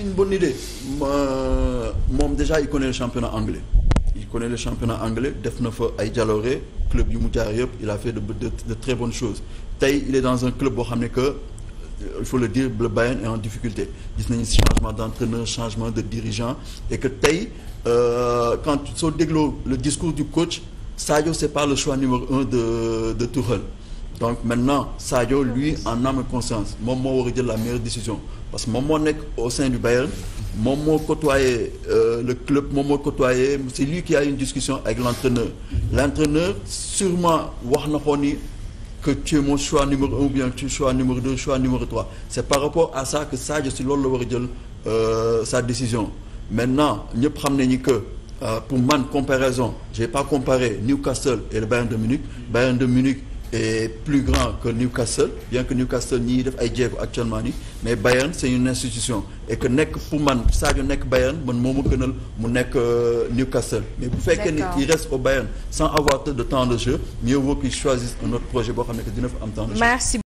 une bonne idée moom déjà il connaît le championnat anglais il connaît le championnat anglais def na fa ay jaloore club yu mu jaar yëpp il a fait de, de de très bonnes choses tey il est dans un club boo xam ne que euh, il faut le dire le Bayern est en difficulté gis nañu changement d'entraîneur changement de dirigeant et que tey euh, quand soo dégloo le discours du coach Sadio c'est pas le choix numéro un de de Tuchel donc maintenant Sadio lui en âme et conscience moom moo war a jël la meilleure décision parce que moom moo nekk au sein du Bayern moom moo côtoyé euh, le club moom moo côtoyé c'est lui qui a une discussion avec l'entraîneur l'entraîneur sûrement wax na ko ni que tu es mon choix numéro ou bien tu choix numéro deux choix numéro trois c'est par rapport à ça que Sadio si loolu la war a jël euh, sa décision maintenant ñëpp xam nañu que euh, pour man comparaison j'ai pas comparé Newcastle et de Munich Bayern de est plus grand que Newcastle bien que Newcastle ñi def ay jéego actuellement ni mais Bayern c'est une institution et que nekk pour man Sadio nekk Bayern man moo ma gënal mu nekk euh, Newcastle mais bu fekkee ni il reste au Bayern sans avoir de temps de jeu mieux vaut qu'il choisisse un autre projet boo xam ne dina fa am temps de jeu.